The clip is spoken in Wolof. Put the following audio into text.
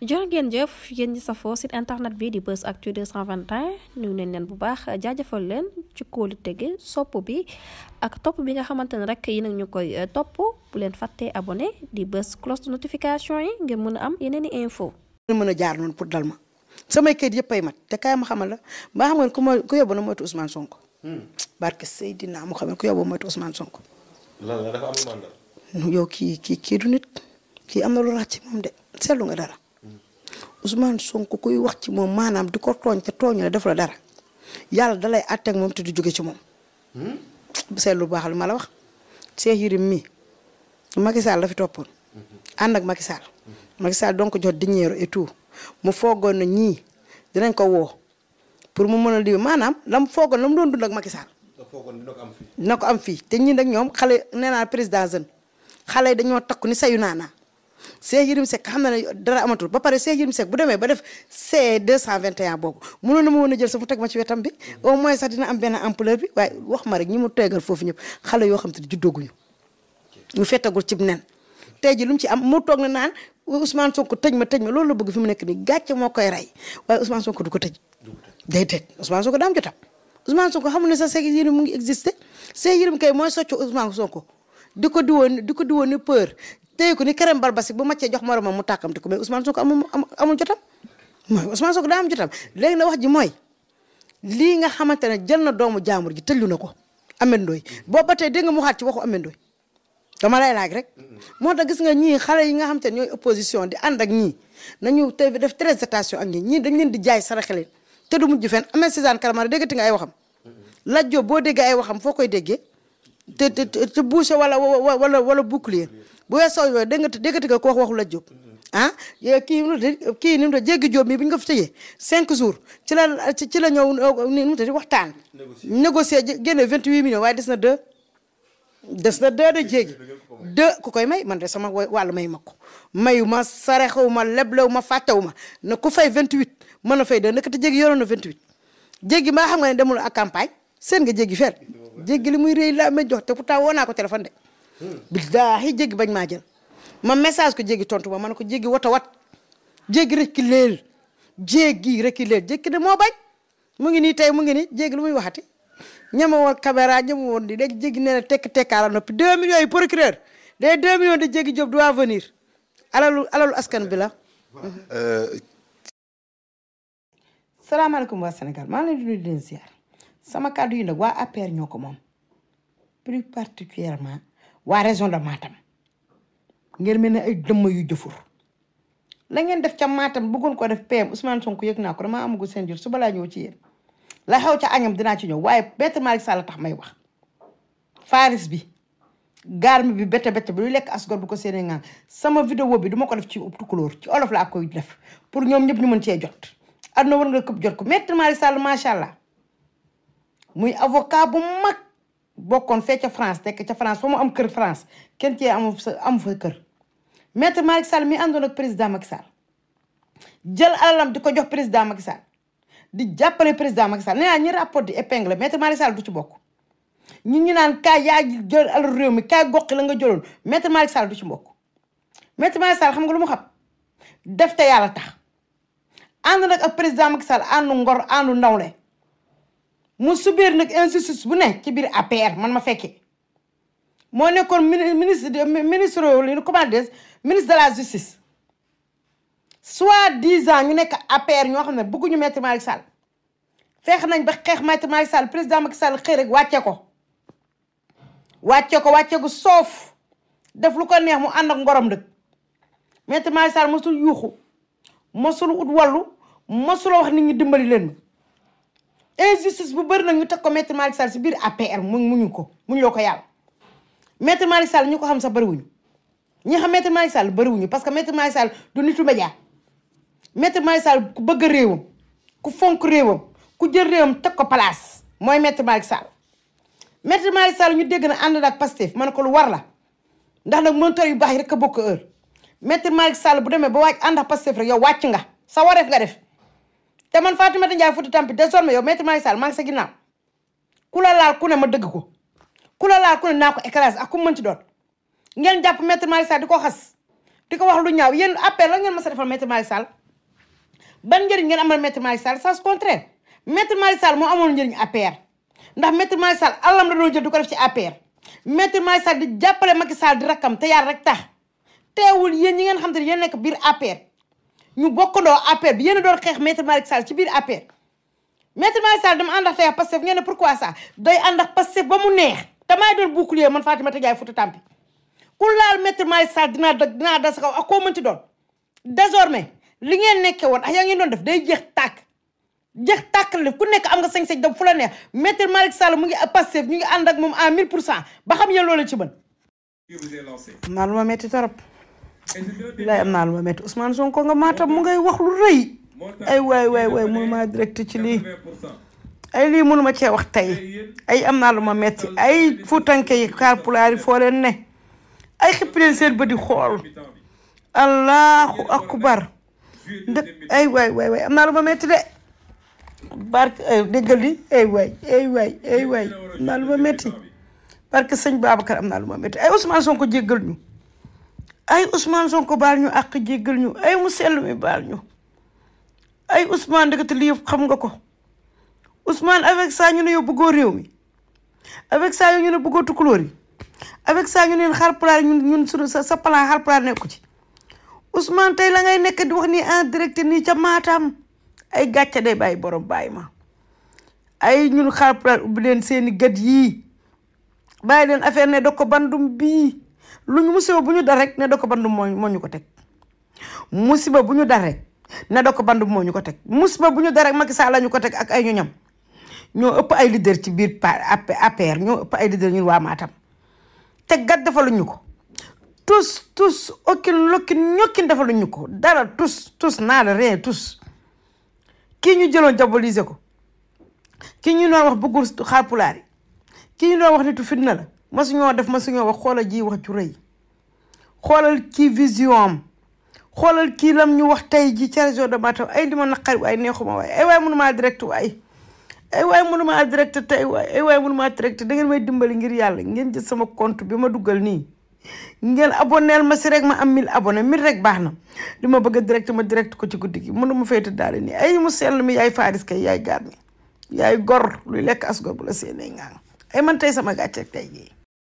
jërë ngeen jëf yéen ñi safoo site internet bi di Buzz Actu 221 nuyu nañ leen bu baax jaajëfal leen ci kóolu tege sopp bi ak topp bi nga xamante ne rek yi nag ñu koy euh, topp bu leen fàttee abone di bës cloche de notification yi ngir mën a am yeneen i info mën a jaar noonu pour dal ma samay kayit yëpp ay mat te kaay ma xamal la mbaa xam ngeen ku ma ku yóbbu na moytu Ousmane Sonko hmm. barke Seydina Muhammad ku yóbbu moytu Ousmane Sonko lan la dafa am yow kii kii kii du nit kii am na lu rax ci moom de seetlu nga dara Ousmane Sonko kuy wax ci moom maanaam di ko tooñ te tooñu la def la dara yàlla dalay àtteeg moom te du jóge ci moom. Hmm? seet lu baax lu ma la wax. Cheikh Yérim mi Macky Sall la fi toppoon. Hmm. ànd ak Macky Sall. Macky Sall donc jot diñeeru et tout mu foogoon na ñii dinañ ko woo pour mu mën a liggéey maanaam la mu foogoon la mu doon dund ak Macky Sall. dina ko am fii. te ñii nag ñoom xale nee naa président jeune xale yi dañoo takku ni sayu naanaa. Cheikh Yérim Seck xam na ne dara amatul ba pare Cheikh Yérim Seck bu demee ba def C 221 boobu mënoon na ma woon a jël sax mu teg ma ci wetam bi au moins sax am benn ampleur bi wax ma rek ñi mu tegal foofu ñëpp xale yoo xam te ne juddooguñu ñu fettagul cib nen tey ji lu mu ci am mu toog na naan Ousmane Sonko tëj ma tëj ma loolu la bëgg fi mu nekk nii gàcce moo koy rey waaye Ousmane Sonko du ko tëj day tëj Ousmane Sonko daam jotam Ousmane Sonko xamul ne sax Cheikh Yérim mu ngi existé Cheikh Yérim kay mooy soccu Ousmane Sonko di ko diwoon di ko diwoon ni peur téye ko ni kerem barbasik bu màccee jox moromam mu tàkkamti ko mais Ousmane Sonko amul amul jotam mooy Ousmane Sonko daa am jotam léegi na wax ji mooy lii nga xamante ne jël na doomu jaamur ji tëllu na ko amendooy boo ba tey dégg nga mu waxaat ci waxu amendooy dama lay laaj rek moo tax gis nga ñii xale yi nga xam te ne ñooy opposition di ànd ak ñii nañu tey def très attention ak ñii ñii dañ leen di jaay saraxe leen te du mujj fenn amee César Karamara déggati nga ay waxam lajjo boo déggee ay waxam foo koy déggee te te boucher wala wala wala bouclier bu weesoo yooyu dégg nga déggati nga ko wax waxu la jóg ah kii kii ni mu ta jéggi jóob mi bi ñu ko fi tëjee cinq jours ci la ci la ñëw ni mu ta di waxtaan négocier génne vingt huit millions waaye des na deux des na deux de jéegi deux ku koy may man de sama wàllu may ma ko mayu ma sarexewu ma leblewu ma fàttewu ma na ku fay vingt huit mën na fay deux naka te jéegi yoroon na vingt huit jéegi maa xam nga ne demul ak campagne seen nga jéggi fer jéggi li muy réy laa ma jox te pourtant woo naa ko téléphone de billaahi jéggi bañ maa jël ma message ko jéggi tontu ma man ko jéggi wata wat jéggi rek ki leel jéggi rek ki leel jéggi de moo bañ mu ngi nii tey mu ngi nii jéggi lu muy waxati ñama woon caméra ñama woon di léegi jéggi nee na tekk tekkaara noppi deux millions yi procureur des deux millions de jéggi job doit venir alalu alalu askan bi la euh, salaamaaleykum waa Sénégal maa ngi leen sama kàddu yi nag waa APR ñoo ko moom plus particulièrement waa région de Matam ngeen mel ne ay dëmm yu jëfur la ngeen def ca Matam bëggoon ko def PM Ousmane Sonko yëg naa ko damaa amagul seen jur suba laa ñëw ci yéen la xew ca añam dinaa ci ñëw waaye Maître Malick Sall tax may wax faris bi garmi bi bette bette bi luy lekk asgor bu ko séenee sama vidéo bi duma ko def ci tukulóor ci olof laa koy def pour ñoom ñëpp ñu mën cee jot aduna war nga këpp jot ko metti Malick Sall macha allah muy avocat bu mag bokkoon fee ca France tekk ca France fa mu am kër France kenn cee amu amu fa kër maître Malick Sall mi àndoon ak président Macky Sall jël alalam di ko jox président Macky Sall di jàppale président Macky Sall nee ñi rapport di épingle maître Malick du ci bokk ñi ñu naan kaay yaa jël réew mi kaay goqi la nga jëloon maître Malick Sall du ci bokk maître Malick Sall xam nga lu mu xam def yàlla tax ànd nag ak président Macky Sall àndu ngor àndu ndawle mu subir nag injustice bu ne ci biir APR man ma fekkee moo nekkoon ministre ministre li comment dire ministre de la justice soit disant ñu nekk APR ñoo xam ne bëgguñu Maître Malick Sall feex nañ ba xeex Maître Malick Sall président Macky Sall xëy rek wàcce ko wàcce ko wàcce ko soof def lu ko neex mu ànd ak ngorom dëkk Maître Malick Sall mosul yuuxu mosul ut wallu mosul wax nit ñi dimbali leen injustice bu bëri nag ñu teg ko maître Malick Sall si biir APR mu muñu ko muñ loo ko yàlla maître Malick Sall ñu ko xam sax bëriwuñu ñi xam maître Malick Sall bëriwuñu parce que maître Malick Sall du nitu média maître ku bëgg réewam ku fonk réewam ku jël réewam teg ko place mooy maître Malick Sall maître Malick Sall ñu dégg na ànd ak Pastef man ko lu war la ndax nag monteur yu baax yi rek a bokk heure maître Malick Sall bu demee ba wàcc ànd ak Pastef rek yow wàcc nga sa wareef nga def te man Fatoumata Ndiaye Fouta Tampi désormais yow maître Macky Sall maa ngi sa ku la laal ku ne ma dëgg ko ku la laal ku ne naa ko écraser ak ku doon ngeen jàpp maître Macky Sall di ko xas ko wax lu ñaaw yéen appel la ngeen mës a defal maître Macky Sall ban njëriñ ngeen amal maître Macky Sall sans contraire maître Macky Sall moo amoon njëriñ APR ndax maître Macky Sall àllam la doo jël du ko def ci APR maître Macky di jàppale Macky Sall di rakkam te yar rek tax teewul yéen ñi ngeen xam te ne yéen nekk biir APR ñu bokkandoo APR bi yéen doon xeex maître Malick Sall ci biir APR maître Malick Sall dama ànd ak xeex Pastef ngeen ne pourquoi ça day ba mu neex te maay doon bouclier man Fatimata Ndiaye Fouta Tampi ku laal sa kaw ak koo mënti doon désormais li ngeen nekkee woon ak ah, yaa ngeen doon def day jeex tàkk jeex tàkk la ku nekk am nga sañ-sañ dem fu la neex maître Malick Sall mu ngi Pastef ñu ngi ànd ak moom à 1000 pour cent ba xam yéen loolu ci mën. man ma métti lay am naa lu ma métti Ousmane Sonko nga maatam mu ngay wax lu rëy ay waay waay waay mënu maa direct ci lii ay lii mënu ma cee wax tey ay am naa lu ma metti ay fuutanke yi kaarpulaar yi foo leen ne ay seen bët di xool allahu akbar ndëk ay waay waay am naa lu ma metti de barke déggal di ay waay ay waay ay waay am naa lu ma metti barke sëñ naa lu ma ay Ousmane Sonko jéggal ñu ay Ousmane Sonko baal ñu àq jéggal ñu ay mu sell mi baal ñu ay Ousmane dëkkati lii xam nga ko Ousmane avec ça ñu ne yow bëggoo réew mi avec ça yow ñu ne bëggoo tukulóor yi avec ça ñu neen xarpulaar ñun ñun sa sa plan nekku ci Ousmane tey la ngay nekk di wax nii en direct nii ca Matam ay gàcce day bàyyi borom baay ma ay ñun xarpulaar ubbi leen seeni gët yii bàyyi leen affaire ne da ko bandum bii lu ñu musiba bu ñu dal rek ne da ko bandu moo moo ñu ko teg musiba bu ñu dal rek ne ko bandu moo ñu ko teg musiba bu ñu dara rek Macky Sall la ñu ko teg ak ay ñu ñoo ëpp ay leader ci biir APR ñoo ëpp ay leader ñun waa Matam te gat defaluñu ko tous tous okkin lokkin ñokkin ñu ko dara tous tous naa la ree tous kii ñu jëloo diaboliser ko kii ñu doon wax bëggul xaar pulaar yi kii ñu doon wax nitu fitna la masuñoo def ma masuñoo wax xoola ji wax ju rëy xoolal kii vision am xoolal kii lam ñu wax tey ji ca région de Matam ay di ma naqari waay neexuma waay ay waay mënumaa direct waay ay waay mënumaa direct tey waay ay waay mënumaa direct da ngeen may dimbali ngir yàlla ngeen jël sama compte bi ma duggal nii ngeen abonneel ma si rek ma am mille abonné mille rek baax na li ma bëgg a direct ma direct ko ci guddi gi mënu ma féete daal nii ay mu sell mi yaay faaris kay yaay gaat mi yaay gor luy lekk as gor bu la seenee ngaang ay man tey sama gàcce tey jii